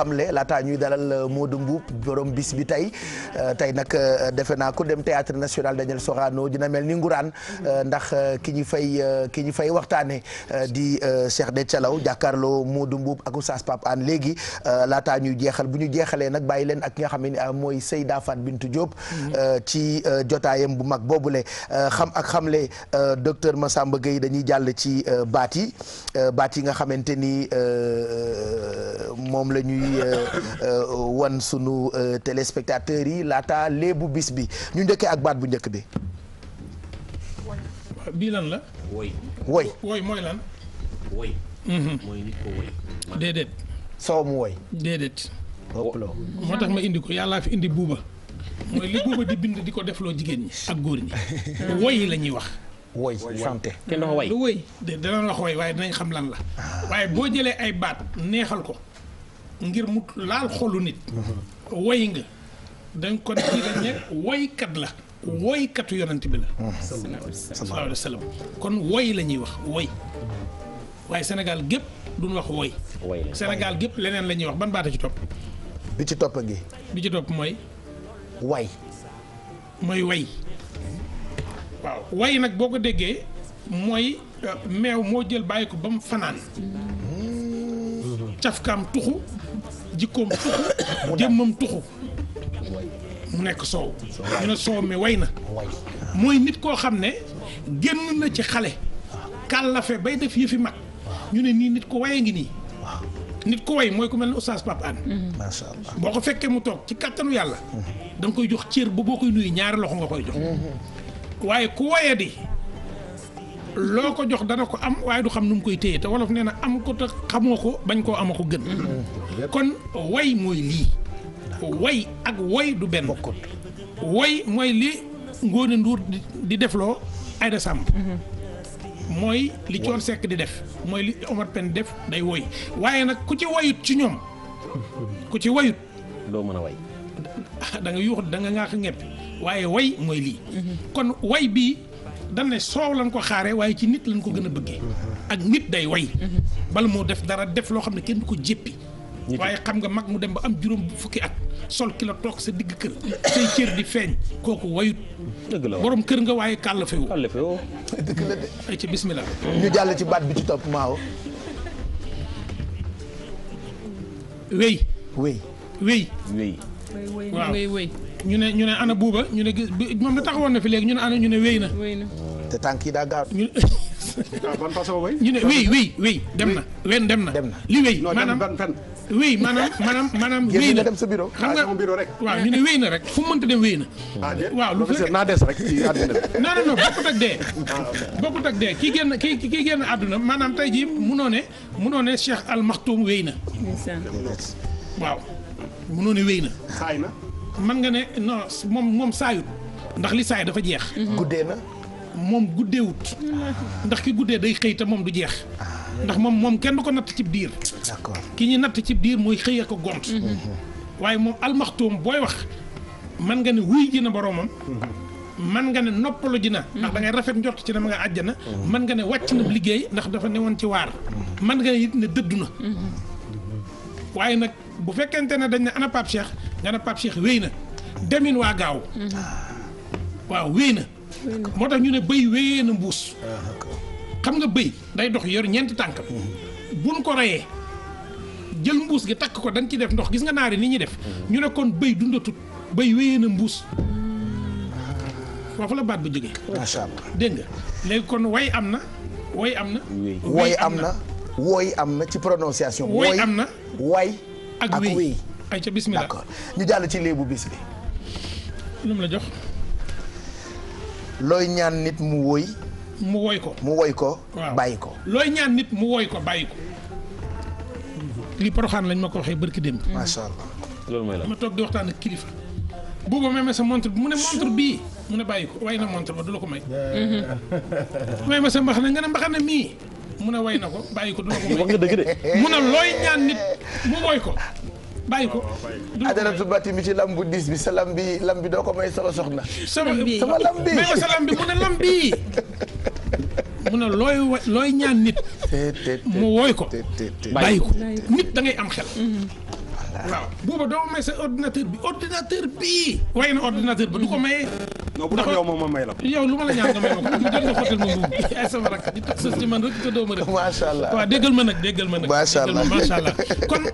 xamle laataa ñuy dalal euh, Modou Mboup borom bis bi tey euh, tey nag euh, defe naa ku dem théâtre national Daniel Sorano dina mel ni nguraan ndax ki ñu fay ki ñu fay waxtaane di Cheikh de Thialaw jàkkaarloo Modou Mboup ak Oustaz Pape léegi laataa ñuy jeexal bu ñu jeexalee nag bay leen ak ki nga xam ne mooy daa Fat Bintou Diop mm-hmm. ci jotaayam bu mag boobu boobule xam ak xamle docteur Massamba Gueye dañuy jàll ci baat yi baat yi nga xamante ni moom la ñuy euh, euh, wan sunu euh, téléspectateurs yi laata léebu bis bi ñu njëkkee ak baat bu njëkk bi. bii lan la. woy woy mooy lan. Mhm. déedéet. soow mu woy. déedéet. moo tax ma indi ko yàllaa fi indi buuba. mooy li buuba di bind di ko defloo jigéen ñi ak góor ñi. woy la ñuy wax. woy santé kenn du woy. danañ wax woy waaye dinañ xam lan la. Ah. waaye boo jëlee ay baat neexal ko. ngir mu laal xolu nit woy nga dañ ko digal ne woykat la woykatu yonent bi la sallallahu alayhi wa la ñuy wax woy waaye Sénégal gépp duñ wax woy Sénégal gépp leneen la ñuy wax ban baata ci topp bi ci topp gi ci topp mooy way mooy way waaw way nag boo ko déggee mooy euh, meew moo jël bàyyi ko ba fanaan cafkaam tuxu jikkoom tuxu jëmmam tuxu mu nekk soow ñu ne soow mi way na mooy nit koo xam ne génn na ci xale kàllafe bay def fi mag ñu ne nii nit ko waye ngi nii nit ko way mooy ku mel ne oustaz Pape Anne mm-hmm. boo ko fekkee mu toog ci kàttanu yàlla mm-hmm. da koy jox cër ba boo koy nuyu ñaari loxo nga koy jox mm-hmm. waaye ku waye di loo ko jox dana ko am waaye du xam nu mu koy téye te wolof nee na am ko te xamoo ko bañ koo ama ko gën kon way mooy lii way ak woy du benn woy mooy li ngoone Ndour di defloo Aïda Samb mooy li Thione Seck di def mooy li Omar Pène def day woy waaye nag ku ci woyut ci ñoom ku ci woyut doo mën a way da nga yuuxut da nga ngaax a ñepp waaye way mooy lii kon way bii dañ ne soow lañ ko xaaree waaye ci nit lañ ko gën a bëggee ak nit day way bala moo def dara def loo xam ne kenn du ko jéppi waaye xam nga mag mu dem ba am juróom fukki at sol ki la toog sa digg kër say cër di feeñ kooku wayut borom kër nga waaye kàll fewu kàll fewu dëgg la de ay ci bismillah ñu jàll ci baat bi ci topp maaw wéy wéy wéy waaw ngay wéy ñu ne ñu ne ana buuba ñu ne gis moom da taxawoon na fi léegi ñu ne ana ñu ne wéy na. te tànk yi daa gaaw. ñu ah, ban façon ñu ne wéy wéy wéy dem na. wen dem na li wéy. maanaam wéy maanaam maanaam maanaam wéy na dem sa bureau xam nga ah, bureau rek waaw ñu na rek fu mu dem wéy na ah, waaw lu fekk naa des rek ci àdduna bi non non non bokkut ak kii génn kii kii génn àdduna maanaam tey jii munoo ne munoo ne Cheikh Al Maktoum wéy na waaw mënoo ne wéy na. saay na. mën nga ne non moom moom saayut ndax li saay dafa jeex. Mm-hmm. guddee na. moom guddeewut. ndax ki guddee day xëy te moom du jeex. Ah. ndax moom moom kenn du ko natt ci diir. d'accord ki ñuy natt ci biir mooy xëy ak a gont. Mm-hmm. waaye moom almaxtuum booy wax mën nga ne wuy ji na boroomam. man mm-hmm. nga ne noppalu ji na. ndax da ngay rafet njort ci ne ma nga àjjana. man nga ne wàcc na liggéey ndax dafa newoon ci waar. man nga ne it ne dëddu na. waaye nag bu fekkente ne dañ ne ana Pape Cheikh nga ne Pape Cheikh wéy na demin waa gaaw. Mm-hmm. waaw wéy na. moo tax ñu ne bëy wéyee na mbuus. Ah, xam nga bëy day dox yor ñeenti tànkam. Mm-hmm. buñ ko reyee jël mbuus gi takk ko dañ ci def ndox gis nga naari ni ñuy def. Mm-hmm. ñu ne kon bëy dundatut bëy wéyee na mbuus. foofu la baat bu jógee. macha dégg nga léegi kon way am na. way am na. way am na. wooy am na ci prononciation. wooy am na way. ak oui ay ca bismillah d'accord ñu jàll ci léebu bis bi lu mu la jox looy ñaan nit mu woy mu woy ko mu woy ko bàyyi ko looy ñaan nit mu woy ko bàyyi ko li poroxaan lañ ma ko waxee bërki démb masha allah loolu mooy la ma toog di waxtaan ak kilifa buuba may sa montre bi mu ne montre bii mu ne bàyyi ko waaye na montre ba du la ko may may ma sa mbaxana nga ne mbaxana mii mu ne way na ko bàyyi ko du ma ko wax nga dëgg de mu ne looy ñaan nit mu woy ko bàyyi ko ajaratu batti mi ci lam bu dis bi lam bi lam ko may sama soxna sama sama lam bi may ma sa lam ne lam bi mu ne looy looy ñaan nit mu woy ko bàyyi ko da ngay am xel waaw booba doo may sa ordinateur bi ordinateur bii way na ordinateur bi du ko may non bu doon yow moom ma may la yow lu ma la ñaan nga may ma ko jot nga xottal ma mbubb yaay sama rakk di teg ma rek macha allah waaw déggal ma nag déggal ma nag macha allah kon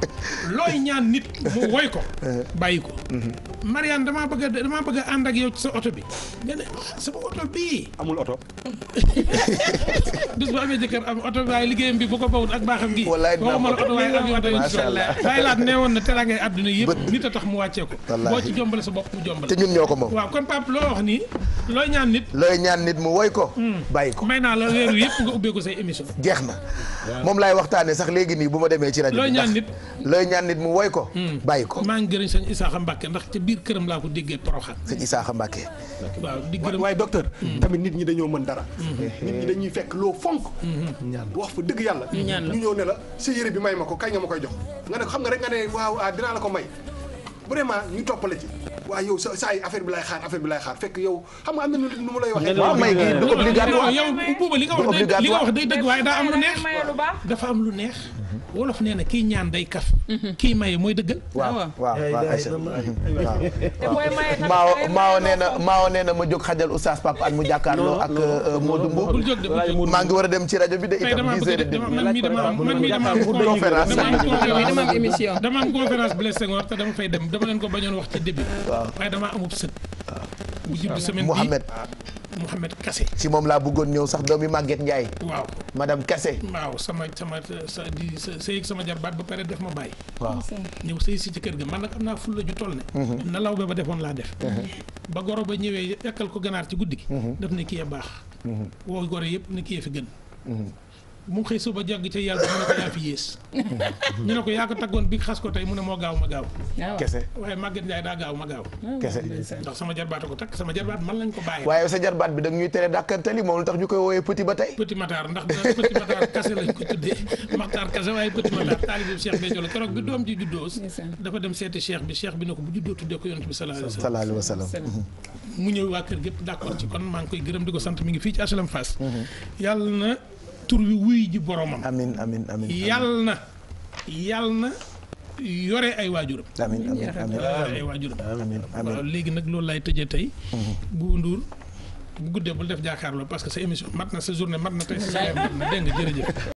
looy ñaan nit mu woy ko eh. bàyyi ko mhm. Mariane damaa bëgg a damaa bëgg a ànd ak yow sa oto bi nga ne ah, sama oto bii amul oto dus bu amee jëkkër am oto bi waaye bi bu ko bawut ak baaxam gi wallaay boo ma la oto waaye am oto incha allah teraangay àdduna yëpp nit a tax mu wàccee ko boo ci jombale sa bopp mu jombale te ñun ñoo ko moom waaw kon Pape loo wax ni nii looy ñaan nit. looy ñaan nit mu woy ko. Hmm. bàyyi ko may naa la weer wi yëpp nga ubbee ko say émission. jeex na moom laay waxtaanee sax léegi nii bu ma demee ci rajo bi. looy ñaan nit looy ñaan nit mu woy ko. Hmm. bàyyi ko maa ngi gërëm a Isaaxa Mbacke ndax ca biir këram laa ko déggee Porokhane. sëñ Isaaxa Mbacke. waaw di gërëm waaye docteur. Hmm. tamit nit ñi dañoo mën dara. nit ñi dañuy fekk loo fonk. ñaan wax fa dëgg yàlla. ñu ñaan la ñu ñëw ne la bi may ma ko kañ nga ma koy jox. nga ne ko xam nga rek nga ne waaw ah, dinaa la ko may vraiment ñu toppale ci waaw yow sa saa yi affaire bi lay xaar affaire bi lay xaar fekk yow xam nga am na nu mu lay waxee. waaw may gi du obligatoire yow buuba li nga wax day dëgg waaye daa am lu neex dafa am lu neex wolof nee na kii ñaan day kaf. Mhm. kii maye mooy dëggal. waaw ah, waaw waaw Aïcha waaw Maawo nee na Maawo nee na ma jóg xajal oustaz Pape An mu jàkkaarloo ak euh, Modou Mbow. maa ngi war a dem ci rajo bi de itam 10 heures et demie. man mii dama am man mii dama am conférence dama am dama fay dem dama leen ko bañoon wax ci début. waaw waaye dama amub sët. waaw bu semaine bii Mouhamed Kassé. ci moom laa bëggoon ñëw sax doomi màgget Ndiaye. waaw madame Kassé. waaw sama sama sa di sa sëy sama jarbaat ba pare def ma bàyyi. waaw ñëw sëy si ci kër gi man nag am naa fulla ju toll ne. Mhm. na law ba ba defoon laa def. Mhm. ba goro ba ñëwee yekkal ko ganaar ci guddi gi. Mhm. daf ne kii a baax. woo goro yëpp ne ki a fi gën. mu xëy suba jàgg ca yàlla mu ne ko yaa fi yées ñu ne ko yaa ko taggoon bi xas ko tey mu ne moo gaaw ma gaaw ah, kese waaye Maguette Ndiaye daa gaaw ma gaaw ah, kese ndax sama jarbaat ko takk sama jarbaat man lañ ko bàyyi waaye sa jarbaat bi da ñuy tere dàkkantali moom lu tax ñu koy wooyee petit ba tey petit matar ndax petit matar kase lañ ko tuddee maxtar kase waaye petit matar taalibu cheikh bi doom bi ne ko bu juddoo tuddee ko yonent bi sallallahu alayhi wa sallam mu koy gërëm di ko sant mi ngi fii ci HLM Fass mm-hmm. tur wi wuy ji boromam. amiin amiin amiin yal na yal na yore ay waajuram. amiin amiin ay waajuram. amiin amiin waaw léegi nag loolu lay tëjee tey. Mm-hmm. Bouba Ndour bu guddee bul def jàkkaarloo parce que sa émission mat na sa journée mat na tey sa mat na dégg